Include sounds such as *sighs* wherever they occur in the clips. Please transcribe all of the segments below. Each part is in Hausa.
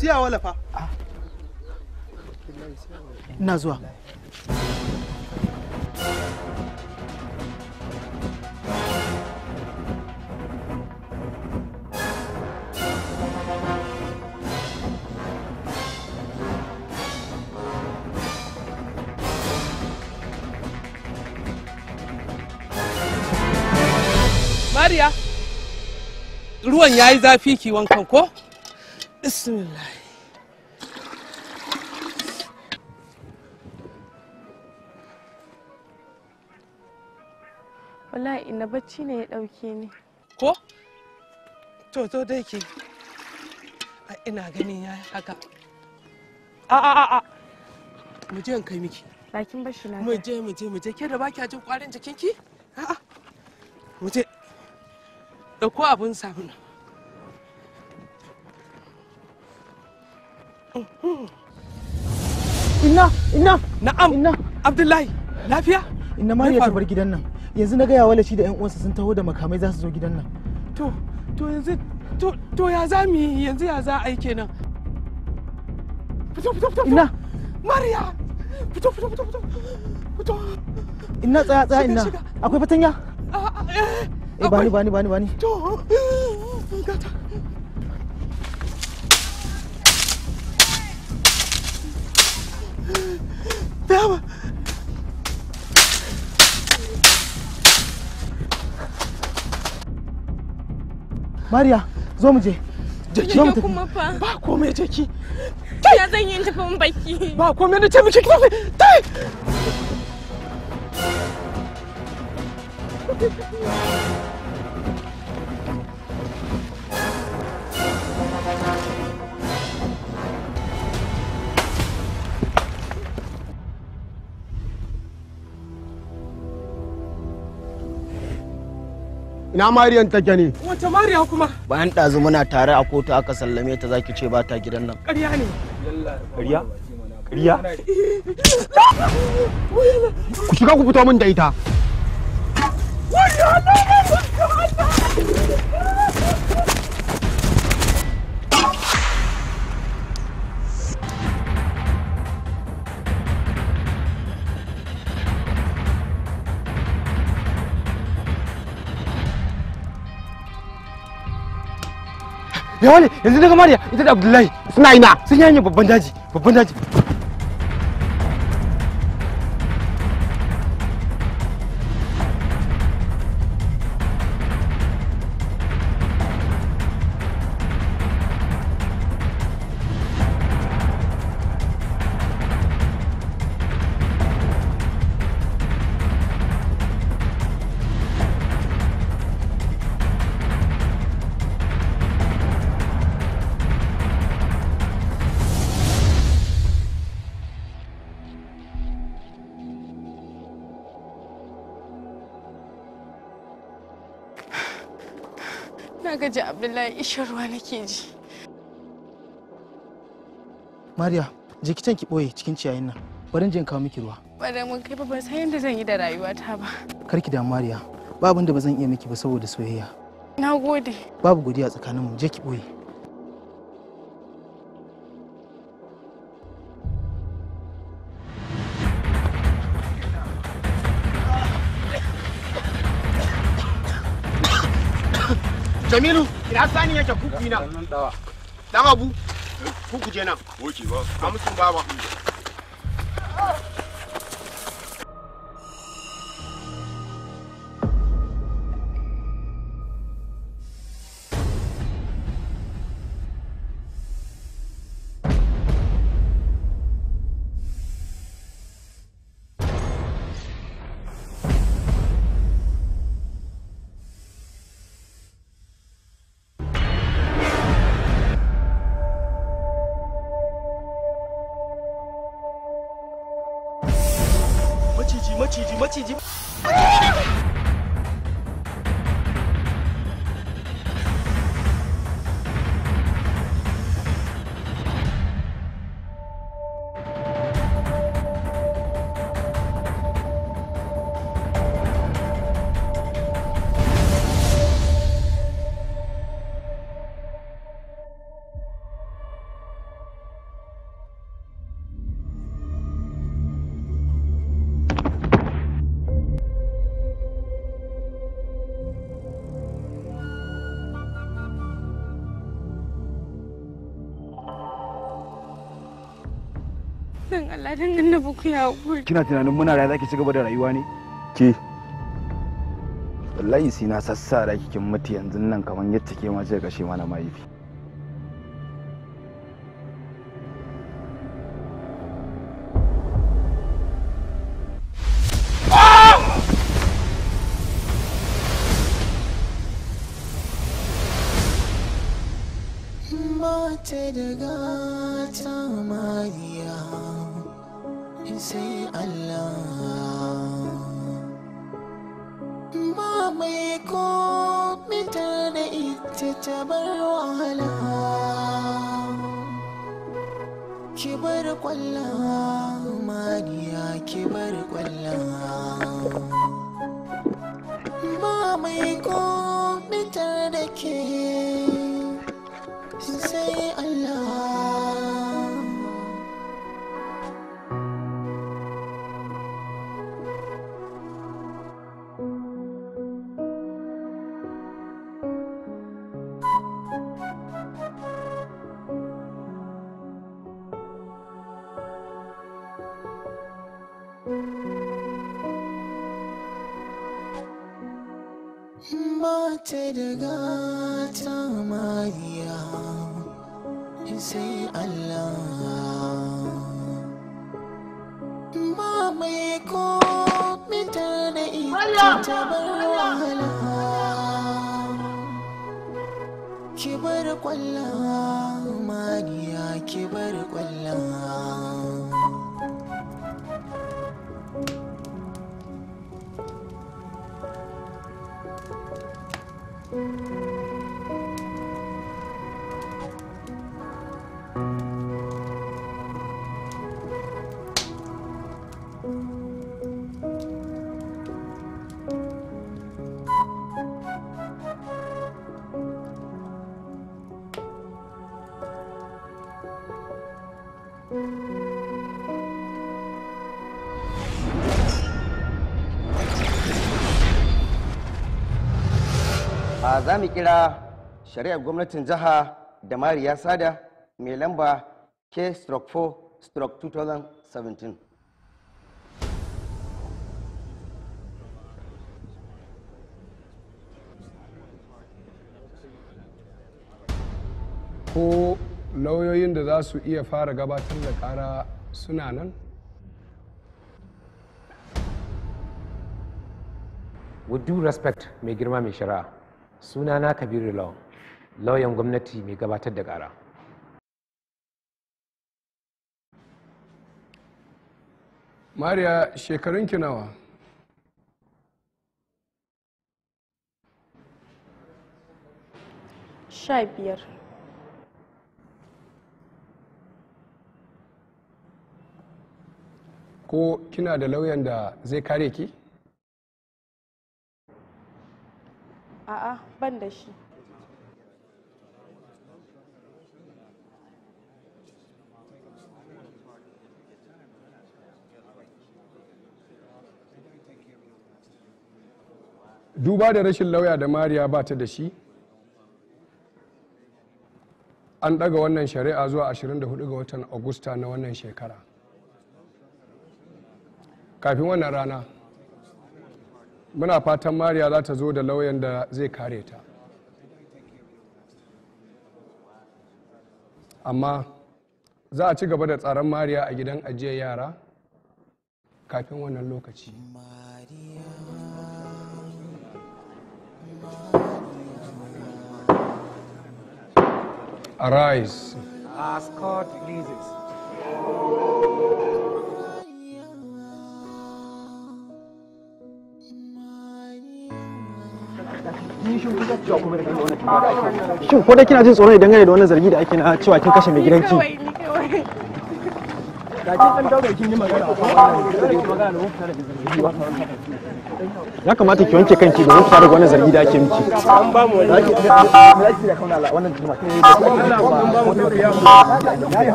siya wala fa ina zuwa Mariya, ruwan ya yi zafi ki wankan ko? bismillah wallahi ina bacci ne ya dauke ni ko to to dai ke ina ganin ya haka a a a a mu je in kai miki Lakin bashi na mu je mu je mu je ke da baki a jin kwarin jikinki a a mu je dauko abun sabulu Inna, inna. Na'am. Inna. Abdullahi, lafiya? Inna ma ya bar gidan nan. Yanzu na gaya wala shi da 'yan uwansa sun taho da makamai za su zo gidan nan. To, to yanzu to, to ya za mu yi yanzu ya za a yi kenan. Fito, fito, fito. Inna. Mariya. Fito, fito, fito, fito. Fito. Inna tsaya, tsaya inna. Akwai fatanya? Eh, eh, bani, bani, bani, bani. To. Gata. Wärme! Mariya, zo mu je. zomje. zo mu tafi. kuma fa. Ba komai jeki. Ya zan yi tafi baki. Ba komai na ce miki tafi. Tai! Ina Mariyan take ne? Wace Mariya kuma? Bayan ɗazu muna tare a kotu aka sallame ta zaki ce bata gidan nan. Ƙarya ne. Ƙarya? Ƙarya? Ku shiga ku fito min da ita. Allah! bai wani yanzu na mariya ita da abdullahi suna ina sun yi babban daji babban daji Abdullahi ishin ruwa nake ji. maria je ki ki ɓoye cikin ciyayin nan. Bari in je kawo miki ruwa. Bari mun kai ba san yadda zan yi da rayuwata ba. Kar ki da Maria, ba abin da ba zan iya miki ba saboda soyayya. Na gode. Babu godiya tsakaninmu, je ki ɓoye. *coughs* Jamilu! Ina sani yake kuku ina. Dan abu. Kuku je Oke ba. Amsun baba. Allah dan annabi ku ya Kina tunanin muna rayuwa zaki cigaba da rayuwa ne? Ke wallahi sai na sassara kikin mutu yanzu nan kamar yadda ke ma ce kashe mana mahaifi. Thank you. za mu kira shari'ar gwamnatin jiha da mariya sada mai lamba k-4-2017 ko lauyoyin da za su iya fara gabatar da kara suna nan with due respect mai girma mai shari'a sunana kabiru law lauyan gwamnati mai gabatar da kara. mariya shekarun nawa. sha biyar ko kina da lauyan da zai kare ki? A'a ban da shi. Duba da rashin lauya da Mariya ba ta da shi, an ɗaga wannan shari'a zuwa 24 ga watan Agusta na wannan shekara. Kafin wannan rana. muna fatan mariya za ta zo da lauyan da zai kare ta amma za a ci gaba da tsaron mariya a gidan ajiyar yara kafin wannan lokaci arise as God pleases. shin ko dai kina jin tsoro ne dangane da wannan zargi da ake na cewa kin kashe mai gidanki ya kamata ki wanke kanki domin fara wannan zargi da ake miki an ba mu wannan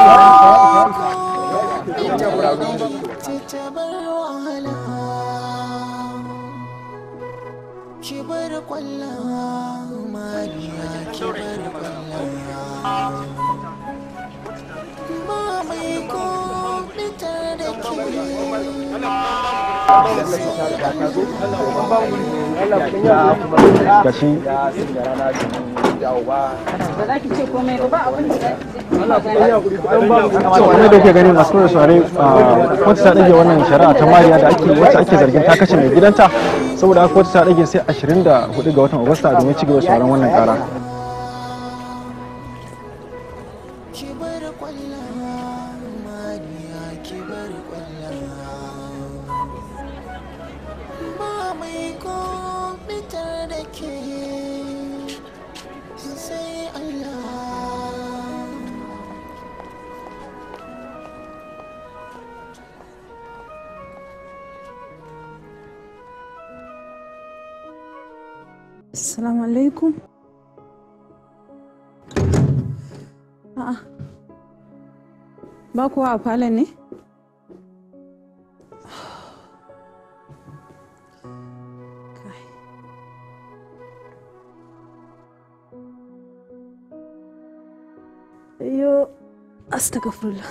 wannan gashi wannan da ke ganin a sura share kotu ta ɗage wannan shari'a ta mariya da ake wacce ake zargin ta kashe mai gidanta saboda kotu ta ɗage sai 24 ga watan agusta domin cigaba da sauran wannan kara ba kowa a falon ne yo astagfirullah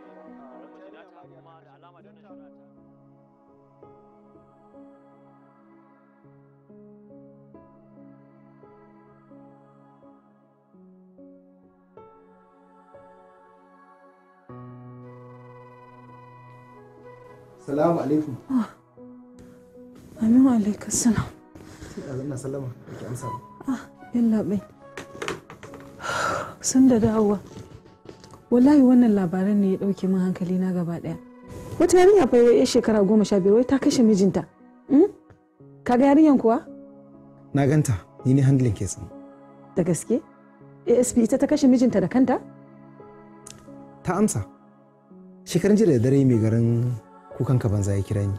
Salamu alaikum. Ah, aminu alaikum salam. Sai da zanna ki amsa ba. Ah, yalla bai. Sun da dawowa. Wallahi wannan labaran ne ya dauke min hankali na gaba daya. Wata yarinya fa ya shekara goma sha biyar wai ta kashe mijinta. Hmm? Ka ga yarinyan kuwa? Na ganta, ni ne handling kesin. Da gaske? ASP ita ta kashe mijinta da kanta? Ta amsa. Shekaran jiya da dare mai garin ka banza ya kira ni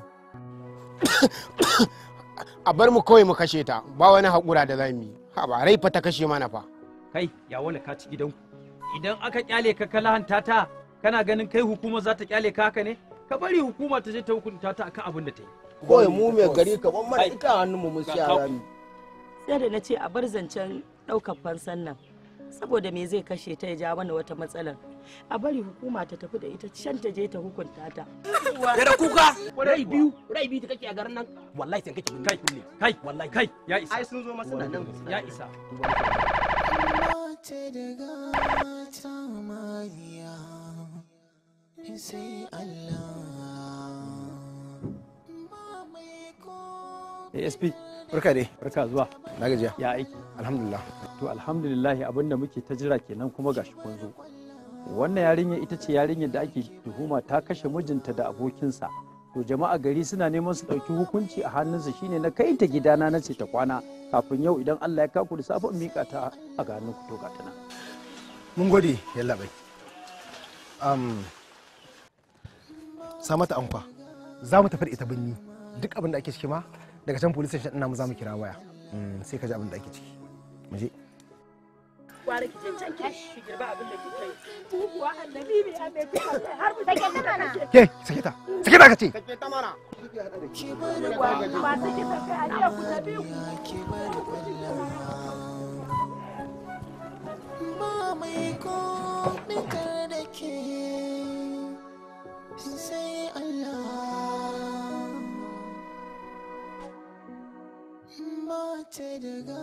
*coughs* a bar mu kawai mu kashe ta ba wani haƙura da zamu yi ha ba rai fa ta kashe mana fa kai ya wani ka ci gidan idan aka kyale ka kalahanta ta kana ganin kai hukuma za ta kyale ka haka ne ka bari hukuma ta je ta hukunta ta akan abin da ta yi kawai mu mai gari ka ban mana ita hannun mu mun siya rami sai da na ce a bar zancen ɗaukar fansan nan saboda me zai kashe ta ya ja mana wata matsalar a bari hukuma ta tafi da ita can ta je ta hukunta ta da kuka rai biyu rai biyu kake a garin nan wallahi sai kake kai kai wallahi kai ya isa ai sun zo masa nan ya isa sai Allah Barka dai. Barka zuwa. Na gajiya. Ya aiki. Alhamdulillah. To alhamdulillah abinda muke ta jira kenan kuma gashi kun zo. Wannan yarinya ita ce yarinyar da ake tuhuma ta kashe mijinta da abokinsa. To jama'a gari suna neman su ɗauki hukunci a hannunsa shine na kai ta gidana na ce ta kwana kafin yau idan Allah ya kaku da safe mika ta a ga hannun to gata nan. Mun gode yalla bai. Um, sa mata amfa. Za mu tafi da ita binni duk abin da ake shi ma daga can police station ina mu za mu kira waya mm, sai ka ji abin da ake ciki mu je gwara ki je can ki girba abin da kike yi kuwa annabi mai har ku take ke sake ta sake ta kace sake ta mana ki bari ba a ku ku ba mai ko da ke sai Allah ta daga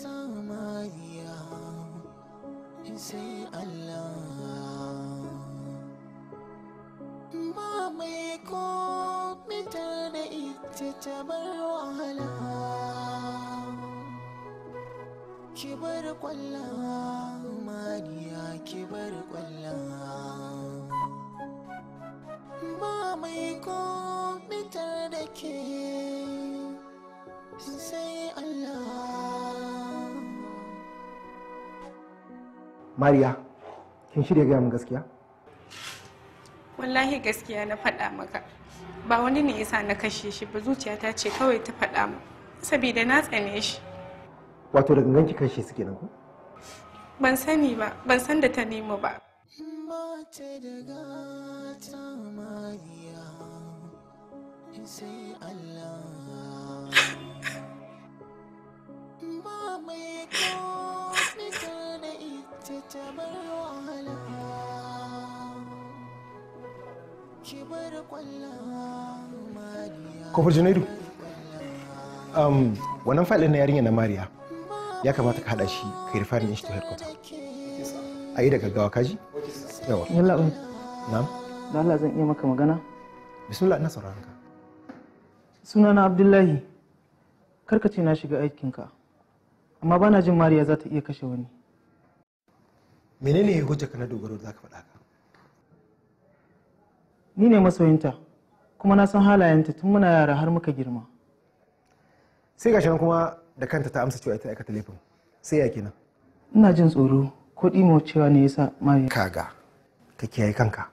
ta mariya sai Allah ba mai ko mitar da ita ta bar wahala ki bar kwalla mariya ki bar kwalla ba mai ko mitar da ke sai mariya kin shirya gaya min gaskiya wallahi gaskiya na faɗa maka ba wani ne yasa na kashe shi ba zuciyata ce kawai ta faɗa mu saboda na tsane shi wato da gangan ki kashe su kenan ko ban sani ba ban san da ta nemo ba Allah *laughs* wahala kofar Janairu. um, wannan fa'ilin na yarinya na mariya ya kamata ka haɗa shi ka yi ni shi ta headquarter a yi da gaggawa kaji yawa yalla um Na? da Allah zan iya maka magana bismillah na sauran ka na abdullahi karkace ce na shiga aikinka amma bana jin mariya za ta iya kashe wani menene ya hujja ka na dogaro da ka faɗa ka ni ne masoyinta kuma na san halayenta tun muna yara har muka girma sai ga shan kuma da kanta ta amsa cewa ita aikata laifin sai ya kenan ina jin tsoro ko ɗimo cewa ne yasa mai kaga ka kiyaye kanka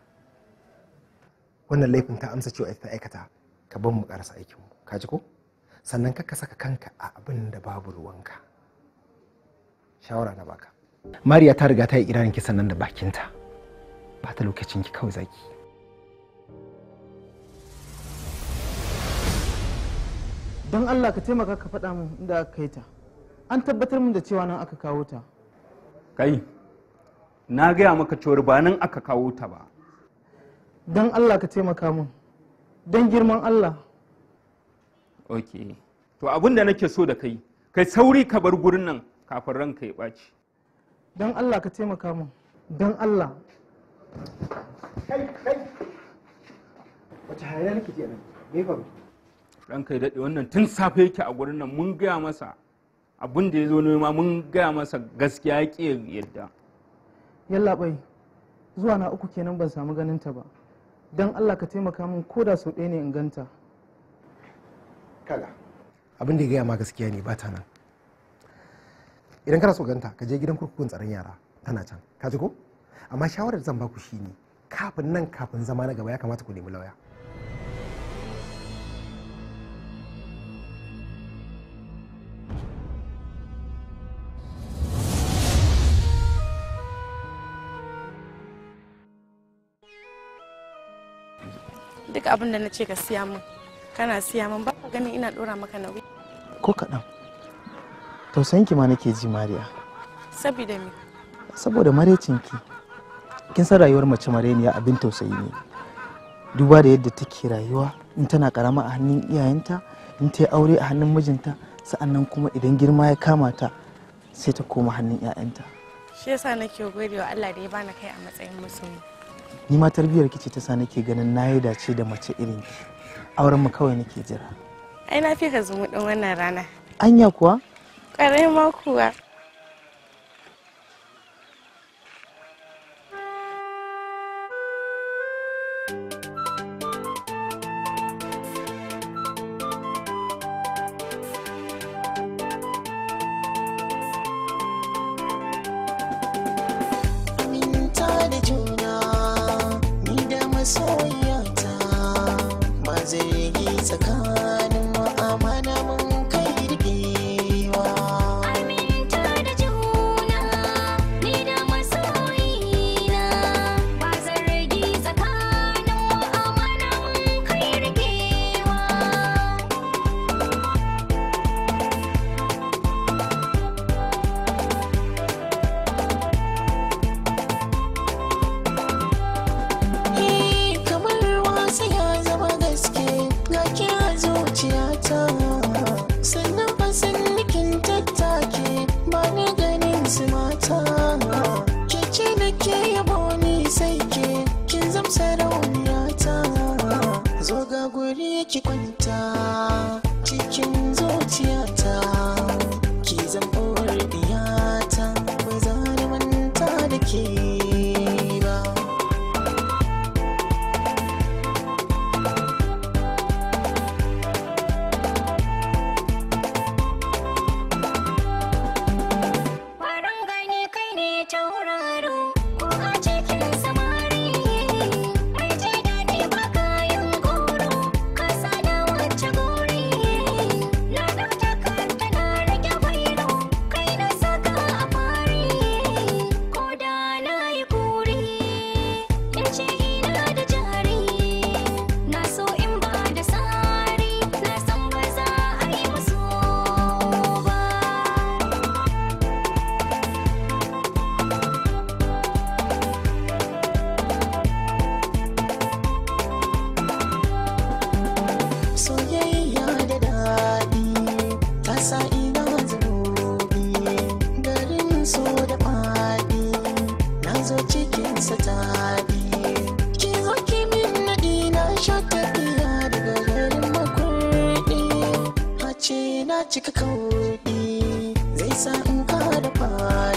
wannan laifin ta amsa cewa ita aikata ka ban mu karasa aikinmu ka ji ko sannan ka saka kanka a abin da babu ruwanka shawara na baka mariya ta riga ta yi iranin kisan nan da bakinta ba ta lokacin ki kawai zaki don allah ka taimaka ka faɗa min inda aka kai ta an tabbatar min da cewa nan aka kawo ta kai na gaya maka cewar ba nan aka kawo ta ba don allah ka taimaka min don girman allah ok to abin da nake so da kai kai sauri ka bar gurin nan kafin ranka ya ɓaci don allah ka taimaka min don allah kai kai wata hayar nake ji nan gefa ran kai daɗe wannan tun safe yake a gurin nan mun gaya masa abin da ya zo nema mun gaya masa gaskiya ya ƙi yadda yalla bai zuwa na uku kenan ban samu ganin ta ba don allah ka taimaka min ko da sau ɗaya ne in ganta kala abin da ya gaya ma gaskiya ne ba ta nan idan kana so ganta ka je gidan kurkukun tsaron yara tana can ka ji ko amma shawarar zan baku shine kafin nan kafin zama na gaba ya kamata ku nemi lauya duk abin da na ce ka siya min kana siya min ba ka ganin ina dora maka nauyi ko kaɗan tausayin ki ma nake ji mariya saboda me saboda marecin kin san rayuwar mace mareniya abin tausayi ne duba da yadda take rayuwa in tana karama a hannun iyayenta in ta yi aure a hannun mijinta sa'annan kuma idan girma ya kama ta sai ta koma hannun 'ya'yanta shi yasa nake gode Allah da ya bani kai a matsayin musulmi ni ma tarbiyyar ki ce ta sa nake ganin na yi dace da mace irin ki auren mu kawai nake jira ai na fi ka zumu din wannan rana anya kuwa caramba, o jogar. cika kaudi zai sa in kada da fara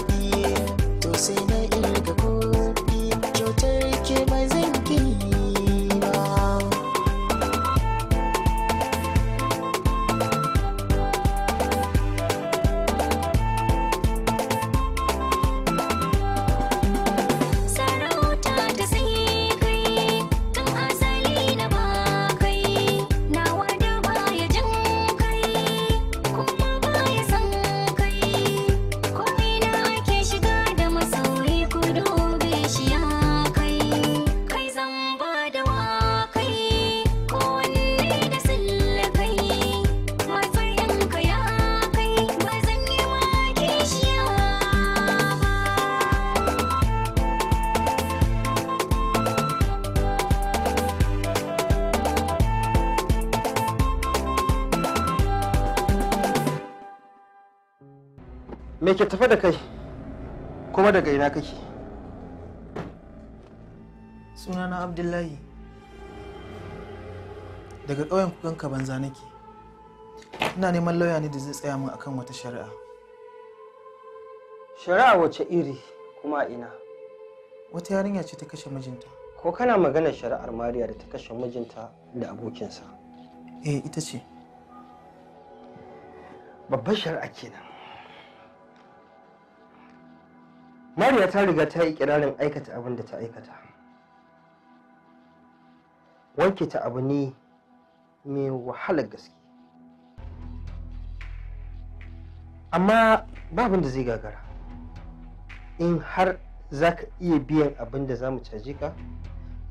me ke tafe da kai kuma daga ina kake sunana abdullahi daga ƙauyen kukanka banza nake ina neman lauya ne da zai tsaya min akan wata shari'a shari'a wace iri kuma ina wata yarinya ce ta kashe mijinta ko kana magana shari'ar mariya da ta kashe mijinta da abokinsa eh ita ce babbar shari'a kenan mariya ta riga ta yi kirarin aikata abin da ta aikata wanke ta abu ne mai wahalar gaske amma babin da zai gagara in har za ka iya biyan abin da za mu caje ka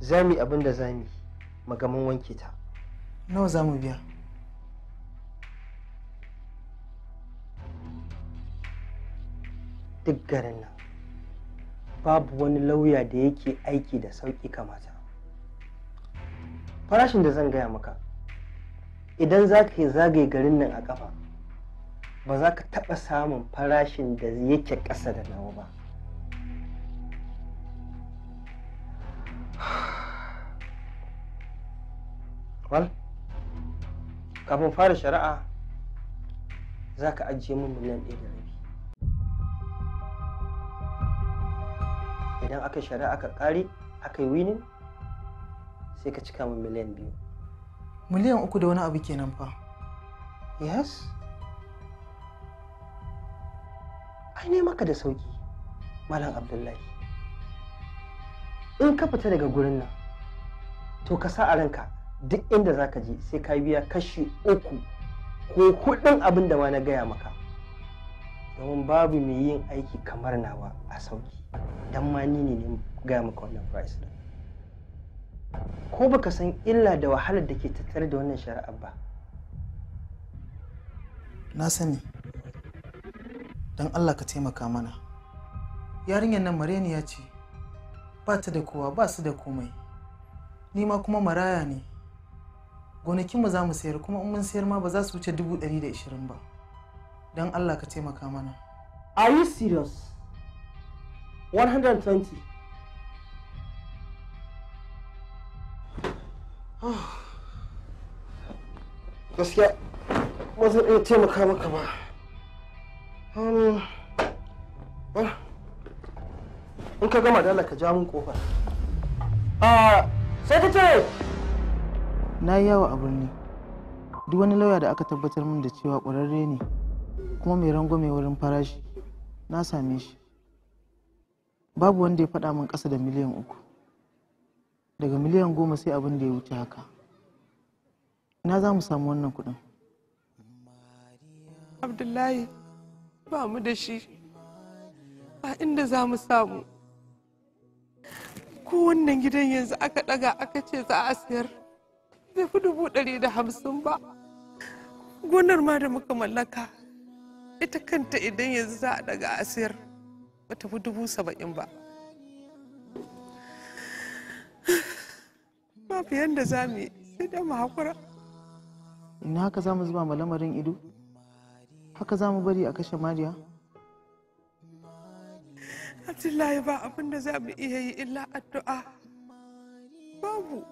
za mu yi abin da za mu magaman wanke ta nawa za mu biya duk garin nan babu wani lauya da yake aiki da sauƙi kamata farashin da zan gaya maka idan za ka zagaye garin nan a ƙafa ba za ka taɓa samun farashin da yake ƙasa da nawa ba *sighs* wal kafin fara shari'a za ka ajiye min miliyan ɗaya idan aka shari'a aka ƙare aka yi winin sai ka cika min miliyan biyu miliyan uku da wani abu kenan fa yes ai ne maka da sauki malam abdullahi in ka fita daga gurin nan to ka sa a ranka duk inda za ka je sai ka biya kashi uku ko hudun abin da ma na gaya maka domin babu mai yin aiki kamar nawa a sauki don ma ni ne ga maka wannan price din ko baka san illa da wahalar da ke tattare da wannan shari'a ba na sani don allah ka taimaka mana yarinyar nan ya ce ba ta da kowa ba su da komai ni ma kuma maraya ne gonakinmu za mu sayar kuma in mun sayar ma ba za su wuce dubu ɗari da ishirin ba don Allah ka taimaka mana are you serious 120 *sighs* gaskiya ba zan iya taimaka maka ba um, in ka gama dala ka ja mun kofar ah, ce! na yi yawa a birni duk wani lauya da aka tabbatar min da cewa ƙwararre ne kuma mai rangwame wurin farashi na same shi babu wanda ya faɗa min kasa da miliyan uku daga miliyan goma sai abin da ya wuce haka ina za mu samu wannan kuɗin abdullahi ba mu da shi ba inda za mu samu ko wannan gidan yanzu aka ɗaga aka ce za a sayar Zai fi dubu ɗari da hamsin ba gonar ma da muka mallaka ita kanta idan yanzu za a daga asir ba ta fi dubu saba'in ba mafi yadda za mu yi sai da mu haƙura ina haka za mu zuba ma lamarin ido haka za mu bari a kashe mariya abdullahi ba abin da za mu iya yi illa addu'a babu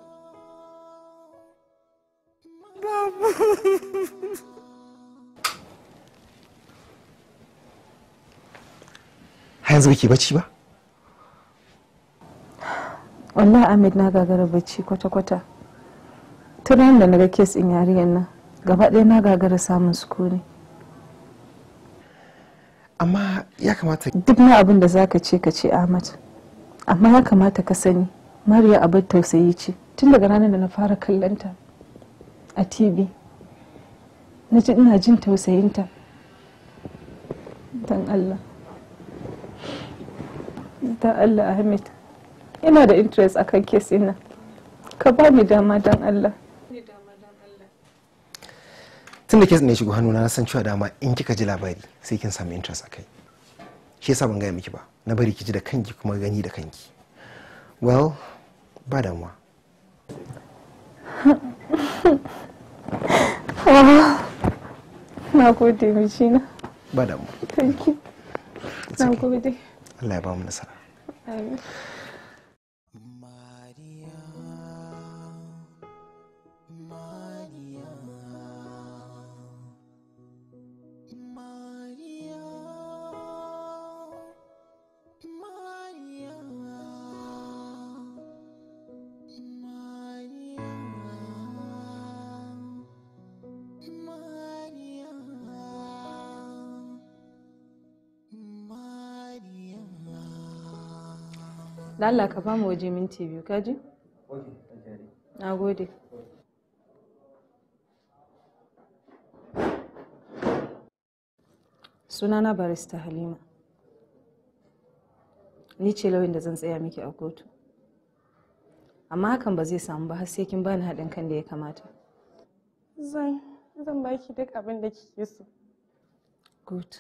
babu *laughs* har yanzu kake bacci ba wallahi ahmed na gagara bacci kwata-kwata tun da da naga kes in yariyan nan gaba ɗaya na gagara samun sukuni amma ya kamata duk na abin da zaka ce ka ce ahmad amma ya kamata ka sani mariya abin tausayi ce tun daga ranar da na fara kallonta a tv na ji ina jin tausayinta dan allah da Allah Ahmed ina da interest a kan kes ina ka ba mu dama dan Allah tun da kes ne shigo hannu na san cewa dama in kika ji labari sai kin samu interest a kai shi yasa ban gaya miki ba na bari ki ji da kanki kuma gani da kanki well ba damuwa *laughs* na gode mijina ba damuwa thank you na gode Labor, emanet olun. da Allah ka ba waje minti biyu ka ji? na gode sunana barista halima ni ce lauyin da zan tsaya miki a kotu amma hakan ba zai samu ba har sai kin bani haɗin kan da ya kamata zan zan baki duk abin da kike so good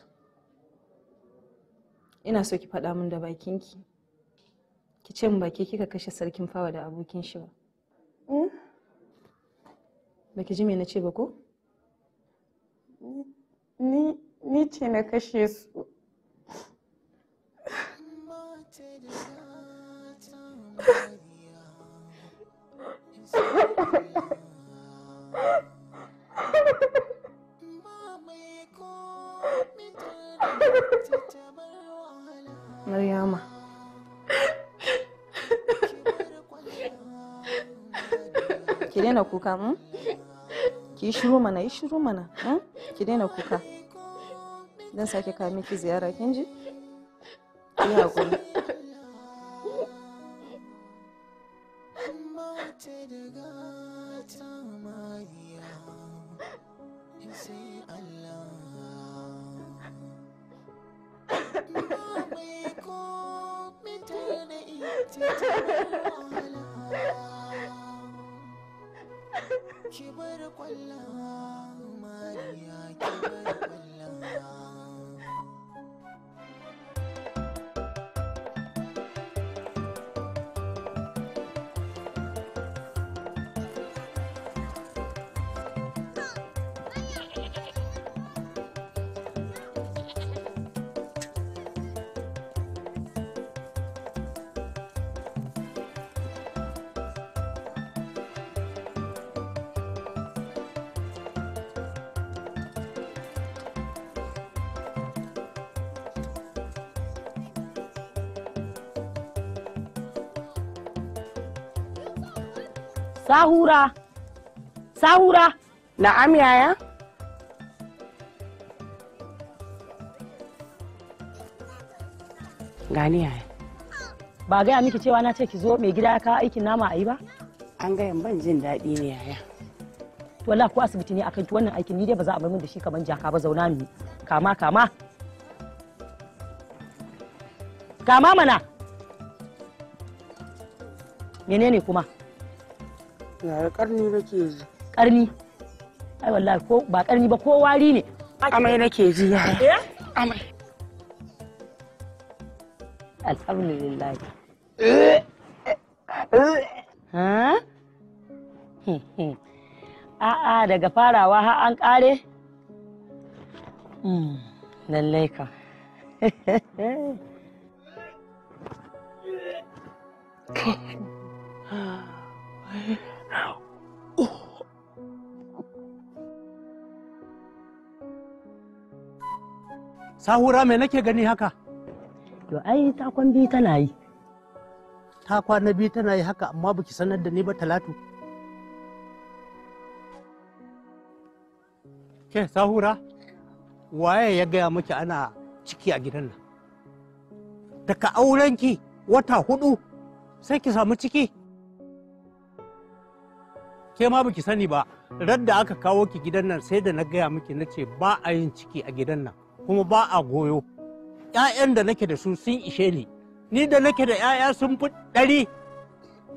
ina so ki faɗa min da bakinki ki ce ba kika kashe sarkin fawa da abokin shi ba eh? ba ki ji me na ce ba ko ni ce na kashe su Maryama ki daina kuka mu hmm? ki shiru mana yi shiru mana hmm? ki daina kuka dan sake kawo miki ziyara kin ji ki hakuri Sahura. Sahura. Na'am yaya? Gani yaya. Ba gaya miki cewa na ce ki zo mai gida ka aikin nama a yi ba? An gaya ban jin daɗi ne yaya. to Wala ko asibiti ne akan wannan aikin ni dai ba za a bar min da shi kaman jaka ba zauna mi kama kama. Kama mana. Menene kuma? yaya karni nake ji karni ai wallahi ko ba karni ba ko wari ne amai nake ji yaya eh? amai alhamdulillah ha eh? *laughs* a'a daga farawa har an kare hmm, lallai ka Okay. *laughs* *laughs* Sahura me nake gani haka? To ai takwan biyu tana yi. Ta kwana biyu tana yi haka amma baki sanar da ni ba talatu. Ke sahura waye ya gaya miki ana ciki a gidan nan? Daga aurenki wata hudu sai ki samu ciki. kai ma baki sani ba da aka kawo ki gidan nan sai da na gaya miki na ce ba a yin ciki a gidan nan kuma ba a goyo ƴaƴan da nake da su sun ishe ni ni da nake da ƴaƴa sun fi ɗari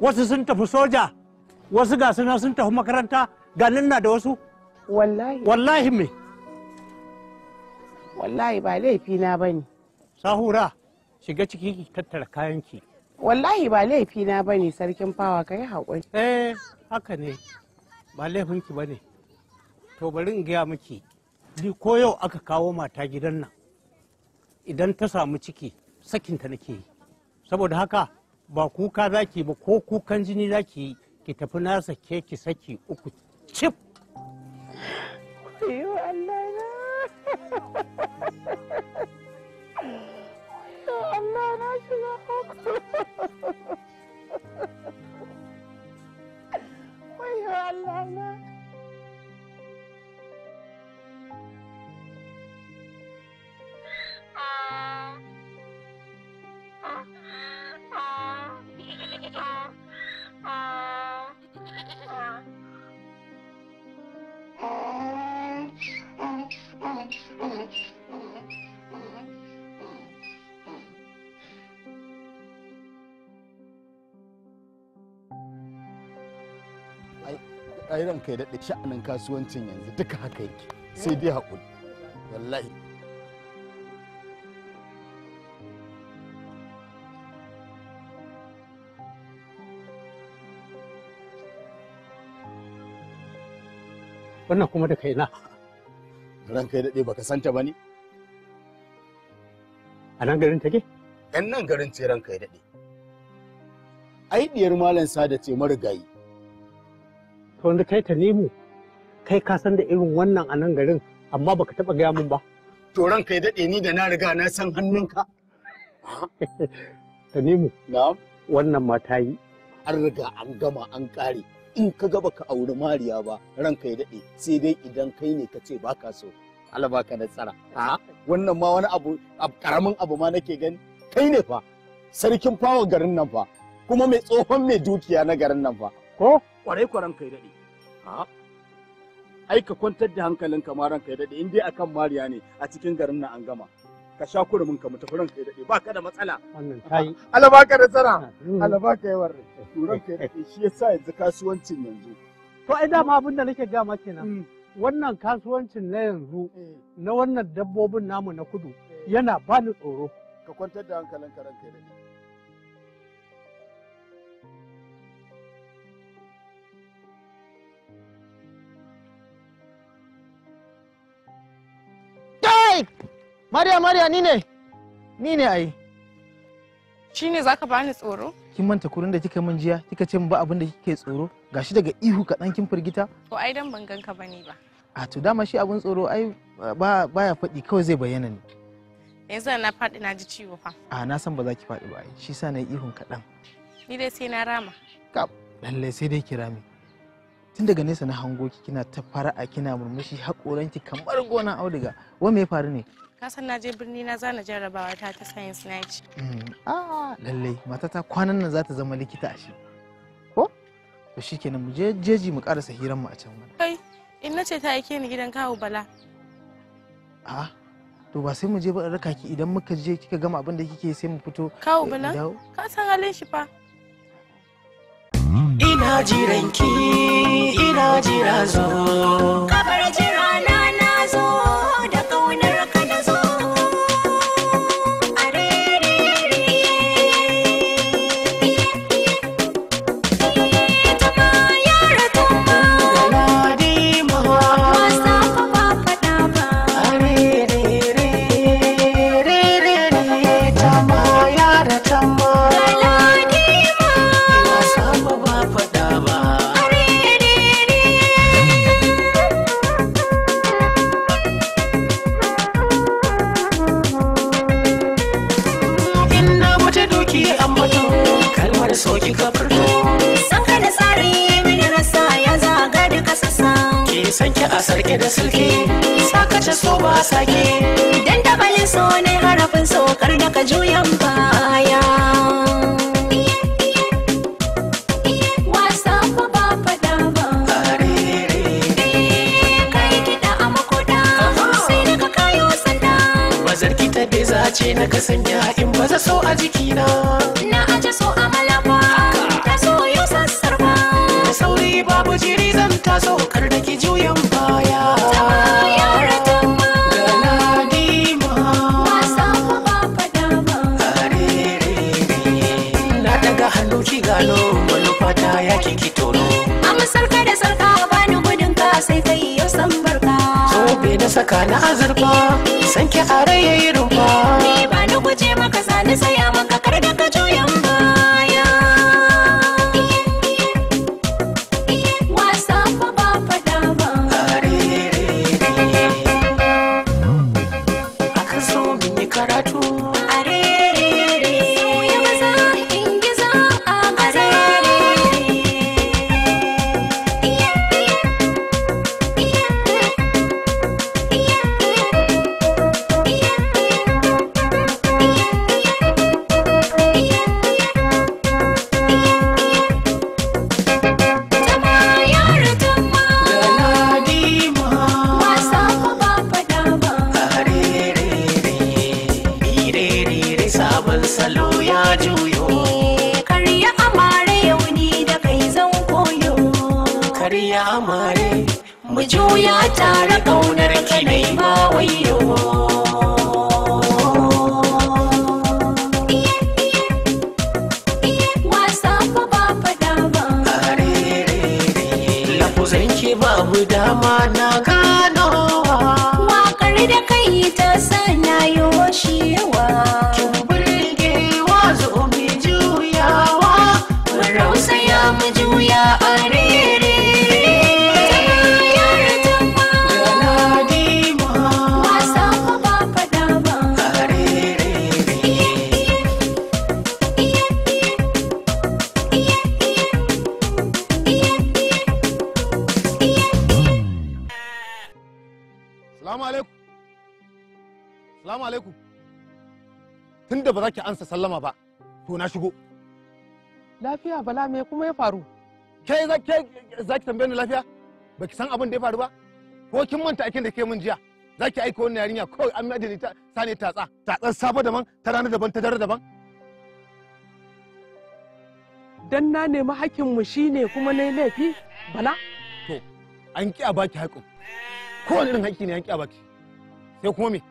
wasu sun tafi soja wasu ga suna sun tafi makaranta ga nan na da wasu wallahi wallahi me wallahi ba laifi na bane sahura shiga ciki ki tattara kayan ki wallahi ba laifi na bane sarkin fawa kai haƙuri eh haka ne ba laifinki ba ne to bari in gaya miki ni ko yau aka kawo mata gidan nan idan ta samu ciki sakinta nake yi saboda haka ba kuka za ki ba ko kukan jini za ki ki tafi na sake ki saki uku cip Allah na shiga oh, Allah na Oh, ai kai ya daɗe sha'anin kasuwancin yanzu duka haka yake sai dai haƙuri wallahi wannan kuma da kaina Ran kai daɗe baka santa ba ne a nan garin take yan nan garin ce ran kai daɗe ai diyar malam sada ce marigayi to wanda kai ta nemo kai ka san da irin wannan a nan garin amma baka taba gaya mun ba to ranka ya dade ni da na riga na san hannunka *laughs* ta nemo na'am wannan mata yi an riga an gama an kare in ka ga baka auri mariya ba ranka ya dade sai dai idan kai ne ka ce baka so Allah baka da tsara wannan ma wani abu karamin abu ma nake gani kai ne fa sarkin fawa garin nan fa kuma mai tsohon mai dukiya na garin nan fa ko kwarai kwaran kai dade ai ka kwantar da hankalin kamaran ya daɗe in dai kan mariya ne a cikin garin nan an gama ka sha kurumin ka mutu ka ya daɗe ba ka da matsala wannan ka da tsara alaba ka yawar turan ya daɗe shi ya sa yanzu kasuwancin yanzu to ai dama abin da nake gama kenan mm. wannan kasuwancin na yanzu eh. na wannan dabbobin namu na kudu eh. yana bani tsoro ka kwantar da hankalin ka ran daɗe ai mariya mariya ni ne ni ne ai shi ne zaka bani tsoro kin manta kurin da kika min jiya kika ce min ba abin da kike tsoro gashi daga ihu kaɗan kin firgita to ai dan ban ganka bane ba a to dama shi abin tsoro ai ba baya faɗi kawai zai bayyana ne yanzu na faɗi na ji ciwo fa a na san ba za ki faɗi ba ai shi sa na yi ihun kaɗan ni dai sai na rama kap lallai sai dai kirami. rame tun daga nesa na hango ki kina ta fara'a kina murmushi haƙoranki kamar gona auduga wa me ya faru ne ka na je birni na zana jarrabawa ta ta science night. Mm, ah lalle matata kwanan nan za ta zama likita a shi ko to shikenan mu je jeji mu karasa hiran mu a can wani kai in na ta aike ni gidan kawo bala a to ba sai mu je ba raka ki idan muka je kika gama abin da kike sai mu fito kawo eh, bala ka san halin shi fa ina jiranki ina jira zo sallama ba to na shigo lafiya bala me kuma ya faru kai za ke za ki tambaye ni lafiya baki san abin da ya faru ba ko kin manta aikin da ke mun jiya za ki aika wannan yarinya kawai an ajiye ta sani tatsa tatsan safa daban ta rana daban ta dare daban dan na nemi hakkin mu shine kuma na laifi bala to an ki a baki ko kowane irin hakki ne an ki a baki sai kuma me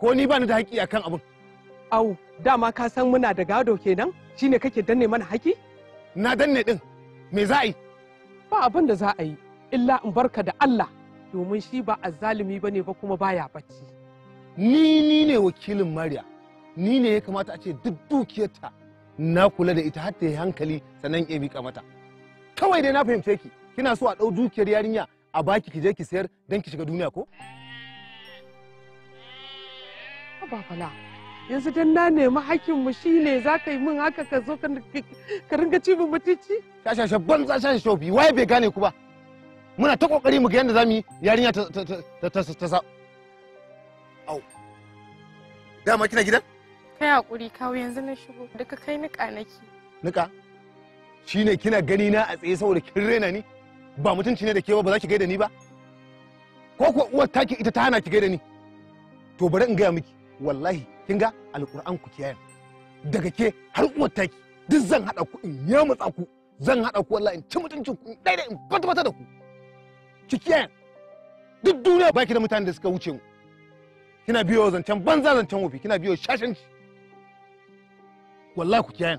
ko ni ba ni da haƙƙi akan abin Au, dama ka san muna da gado kenan shi ne kake danne mana haki? Na danne din, me za a yi? Ba abin da za a yi, illa in barka da Allah domin shi ba azzalumi ba ne ba kuma baya bacci. Ni ni ne wakilin Mariya, ni ne ya kamata a ce duk dukiyarta na kula da ita har ta yi hankali sannan ya miƙa mata. Kawai dai na fahimce ki, kina so a ɗau dukiyar yarinya a baki ki je ki sayar don ki shiga duniya ko? Ba fala. yanzu dan na nemi hakkin mu shine za ka yi min haka ka zo ka ringa ci min mutunci shashashe ban za shashashe shofi waye bai gane ku ba muna ta kokari mu ga za zamu yi yarinya ta ta ta ta sa au dama kina gidan kai hakuri kawo yanzu na shigo duka kai nika naki nika shine kina gani na a tsaye saboda kin rena ni ba mutunci ne da ke ba ba za ki gaida ni ba ko ko uwar taki ita ta hana ki gaida ni to bari in gaya miki wallahi kin ga alƙur'an ku kiyaye daga ke har uwar taki duk zan haɗa ku in ya matsa ku zan haɗa ku wallahi in ci mutuncin ku daidai in kwata-kwata da ku ki kiyaye duk duniya baki da mutanen da suka wuce mu kina biyo zancen banza zancen wofi kina biyo shashanci wallahi ku kiyaye.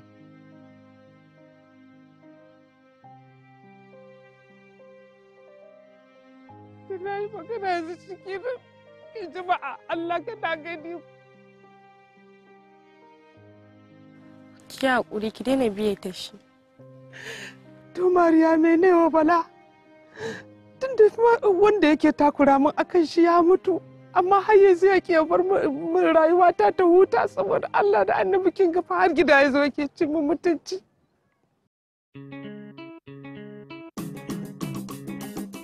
Ina yi magana yanzu ciki na, ki ji ba Allah ka gani ku. ki haƙuri ki daina biye ta shi to mariya mene wa bala tun da wanda yake takura min akan shi ya mutu amma har yanzu ya bar min rayuwata ta huta saboda Allah da annabi kin gafa har gida ya zo yake cin mu mutunci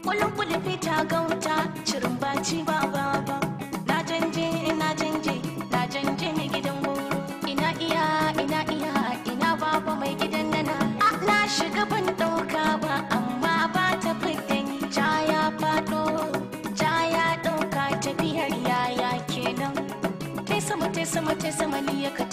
Kulun kulun fita gauta cirin baci ba ba ba sama ya ka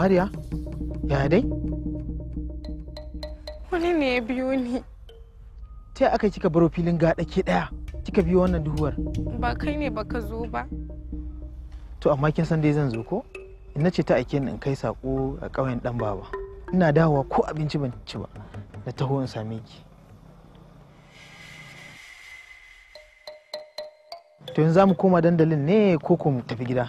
Mariya, ya dai? Wani ne ya biyo ni. Ta aka kika baro filin gaɗa ke ɗaya, kika biyo wannan duhuwar. Ba kai ne ba ka zo ba. To amma kin san dai zan zo ko? Ina ce ta aike in kai sako a ƙauyen ɗan baba. Ina dawowa ko abinci ban ci ba. Na taho in same ki. To yanzu za mu koma dandalin ne ko ko mu tafi gida?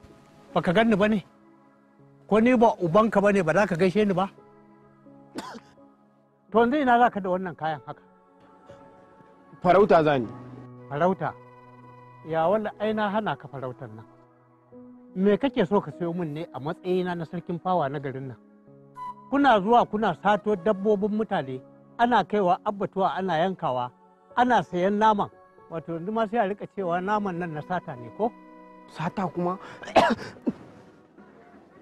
baka ganni ba ne ko ni ba ubanka ba ne ba za ka gaishe ni ba to yanzu ina za ka da wannan kayan haka farauta za ni farauta ya ai aina hana ka farautar nan me kake so ka sayo min ne a matsayina na sarkin fawa na garin nan kuna zuwa kuna sato dabbobin mutane ana kaiwa abbatuwa ana yankawa ana sayan naman wato yanzu ma sai a rika cewa naman nan na sata ne ko sata kuma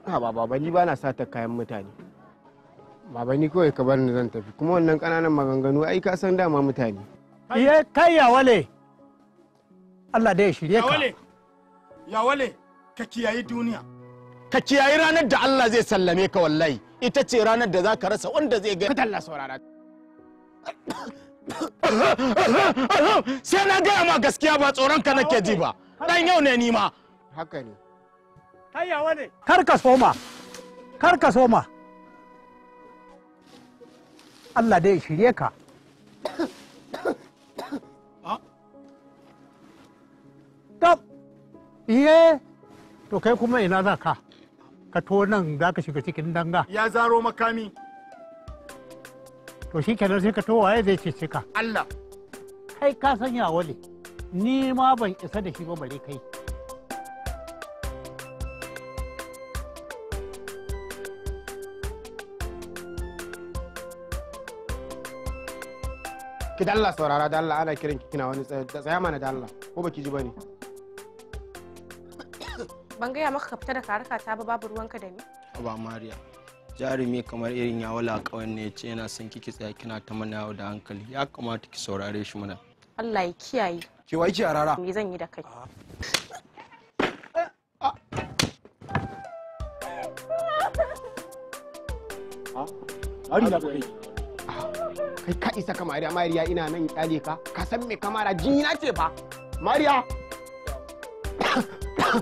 *coughs* ba baba ni ba na sata kayan mutane baba ni kawai ka bar ni zan tafi kuma wannan kananan maganganu ai ka san dama mutane iya kai ya wale Allah da ya shirye ka ya wale ka kiyayi duniya ka kiyayi ranar da Allah zai sallame ka wallahi ita ce ranar da zaka rasa wanda zai ga Allah saurara *coughs* sai na gaya ma gaskiya ba tsoron ka nake ji ba dan yau ne ni ma haka ne tayyawa ne kar ka soma kar ka soma Allah dai shirye ka tab iye to kai kuma ina za ka ka to nan za ka shiga cikin danga ya zaro makami to shi kenan sai ka to waye zai ce ka Allah kai ka sanya wale ni ma ban isa da shi ba bare kai ki da Allah saurara da Allah ana kiran kina wani tsaya mana da Allah ko baki ji bane ban gaya maka ka fita da karaka ta ba babu ruwanka da ni ba Mariya jarumi kamar irin ya wala kawai ne ce yana son kiki tsaya kina ta mana da hankali ya kamata ki saurare shi mana Allah ya kiyaye Ke yake a rara. Me zan yi da kai? Ah. Ari na kai. Kai ka isa ka Mariya, Mariya ina nan kyale ka. Ka san me kamara jini na ce fa. Mariya. ka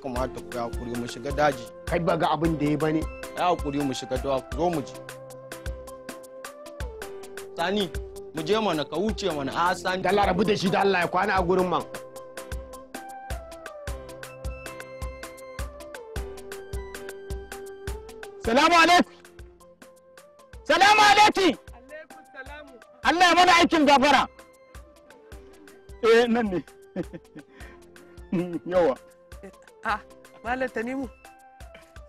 kamata ku ya kuri mu shiga daji. Kai ba ga abin da ya bane. Ya kuri mu shiga dawa ku zo mu ji. Sani. mu je mana ka wuce mana a san dalla rabu da shi da Allah ya kwana a gurin man salamu alaikum salamu alaikum Allah ya mana aikin gafara eh nan ne *laughs* yawa eh, a ah, malam tanimu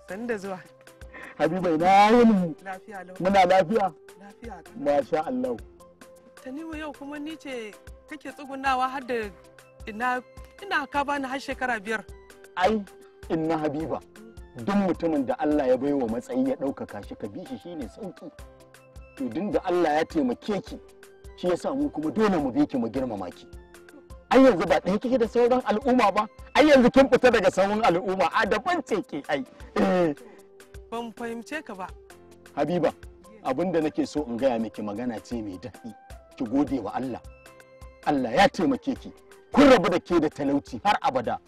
sani da zuwa habibai na yi muna lafiya lafiya masha Allah Tanimu yau kuma ni ce kake tsugunawa har da ina ina ka bani har shekara biyar. Ai inna Habiba duk mutumin da Allah ya baiwa matsayi ya ɗaukaka shi ka bi shine sauki. To din da Allah ya taimake ki shi yasa mu kuma dole mu bi mu girmama ki. Ai yanzu ba ɗaya kike da sauran al'umma ba. Ai yanzu kin fita daga sauran al'umma a daban ce ke ai. Eh. Ban fahimce ka ba. Habiba abin da nake so in gaya miki magana ce mai daɗi. ki gode wa Allah Allah ya taimake ki kun rabu da ke da talauci har abada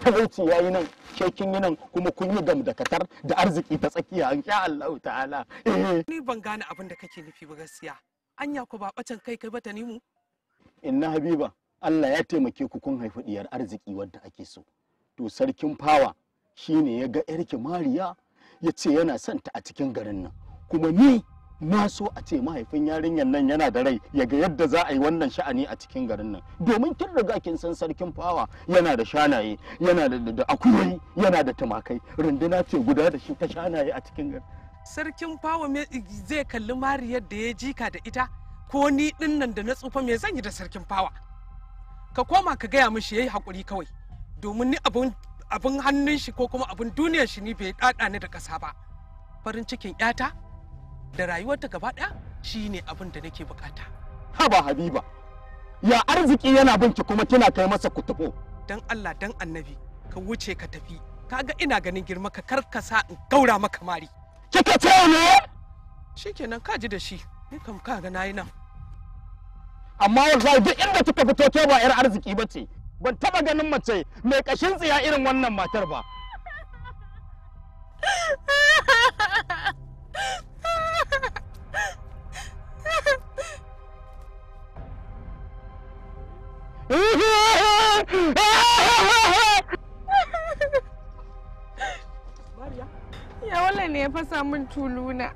talauci ya yi nan ke kin yi nan kuma kun yi gam da katar da arziki ta tsakiya insha Allah ta'ala eh. ni ban gane abin da kake nufi ba gaskiya anya ko ba bacin kai kai bata ni mu inna habiba Allah ya taimake ku kun haifi diyar arziki wadda ake so to sarkin fawa shine ya ga yarki mariya ya ce yana son a cikin garin nan kuma ni na so a ce mahaifin yarinyar nan yana da rai ya ga yadda za a yi wannan sha'ani a cikin garin nan domin kin riga kin san sarkin fawa yana da shanaye yana da akuyoyi yana da tumakai runduna ce guda da shi ta shanaye a cikin garin sarkin fawa zai kalli mariyar da ya jika da ita ko ni din nan da na tsufa me zan yi da sarkin fawa ka koma ka gaya mishi yayi hakuri kawai domin ni abun abun hannun shi ko kuma abun duniyar shi ni bai dada ni da kasa ba farin cikin 'yata da rayuwarta gaba ɗaya shi ne abin da nake bukata haba habiba ya arziki yana binki kuma kina kai masa kutubo dan Allah dan annabi ka wuce ka tafi kaga ina ganin girma ka karkasa in gaura maka mari kika ce ne kenan ka ji da shi ni kam ka ga nayi nan amma wallahi duk inda kika fito ke ba yar arziki ce, ban taba ganin mace mai kashin tsiya irin wannan matar ba *laughs* Ya wannan ne ya fasa min tuluna.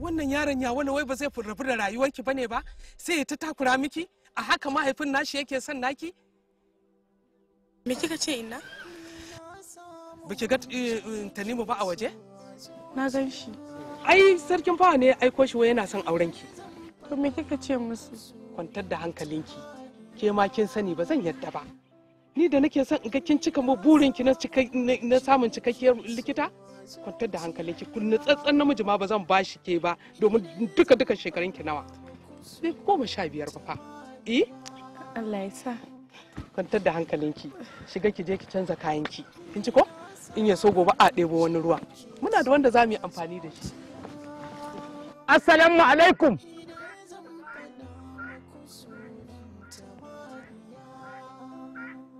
Wannan yaron ya wani wai ba zai furrafi da rayuwarki ba ne ba sai ya ta takura miki a haka mahaifin nashi yake son naki? Me kika ce ina? Baki ga eh, eh, Tanimu ba a waje? Na gan shi. Ai sarkin fawa ne ya aiko shi wai yana son aurenki. To me kika ce musu? Kwantar da hankalinki. ke ma kin sani ba zan yadda ba ni da nake son in ga kin cika mu burin ki na samun cikakkiyar likita kwantar da hankali ki kun tsatsan namiji ma ba zan bashi ke ba domin duka duka shekarun ki nawa sai goma sha biyar ba fa eh Allah ya sa kwantar da hankalinki shiga ki je ki canza kayanki kin ci ko in ya so gobe a ɗebo wani ruwa muna da wanda za mu yi amfani da shi assalamu alaikum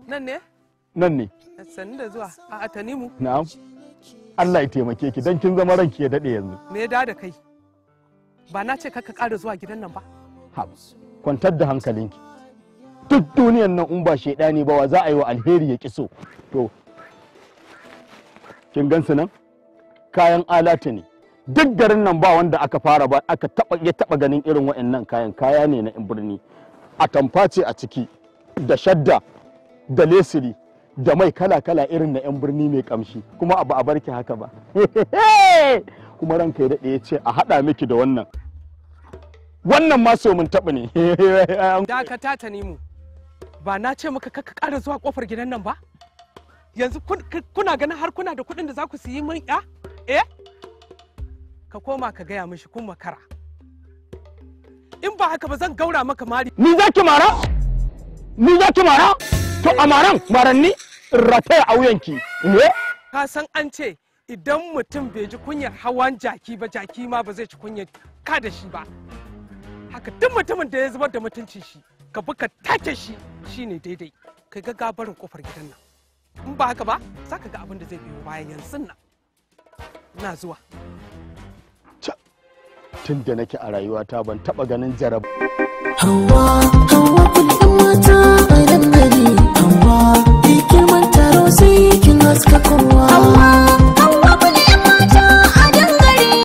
Nan ne? Nan ne. Sannu da zuwa. A atanimu? Na'am. Allah ya taimake ki don kin zama ranki ya dade yanzu. Me ya da kai? Ba na ce ka ƙara zuwa gidan nan ba. Ha. Kwantar da hankalinki. Duk duniyan nan in ba shaidani ba wa za a yi wa alheri ya kiso. To kin gansu nan? Kayan alata ne. Duk garin nan ba wanda aka fara ba aka taba ya taba ganin irin waɗannan kayan kaya ne na birni. A tamfa ce a ciki da shadda da lesiri da mai kala-kala irin na 'yan birni mai kamshi kuma abu a barki haka ba kuma ranka ya daɗe ya ce a haɗa miki da wannan wannan masu so mun taɓa ne *laughs* dakata ta nemo ba na ce maka kaka ƙara zuwa ƙofar gidan nan ba yanzu kuna ganin har kuna da kuɗin da za ku siyi min ya eh ka koma ka gaya mishi kun makara in ba haka ba zan gaura maka mari ni za ki mara ni za ki mara to amaran maran maranni rataya a wuyanki ne ka san an ce idan mutum bai ji kunyar hawan jaki ba jaki ma ba zai ci kunyar ka da shi ba haka duk mutumin da ya zubar da mutunci shi ka bi ka take shi shine daidai kai ga gabarin kofar gidan nan in ba haka ba za ka ga abin da zai biyo bayan yanzu nan na zuwa tun da nake a rayuwata ban taba ganin jarab hawa hawa kudin mata kowa da girman taro sai haska kowa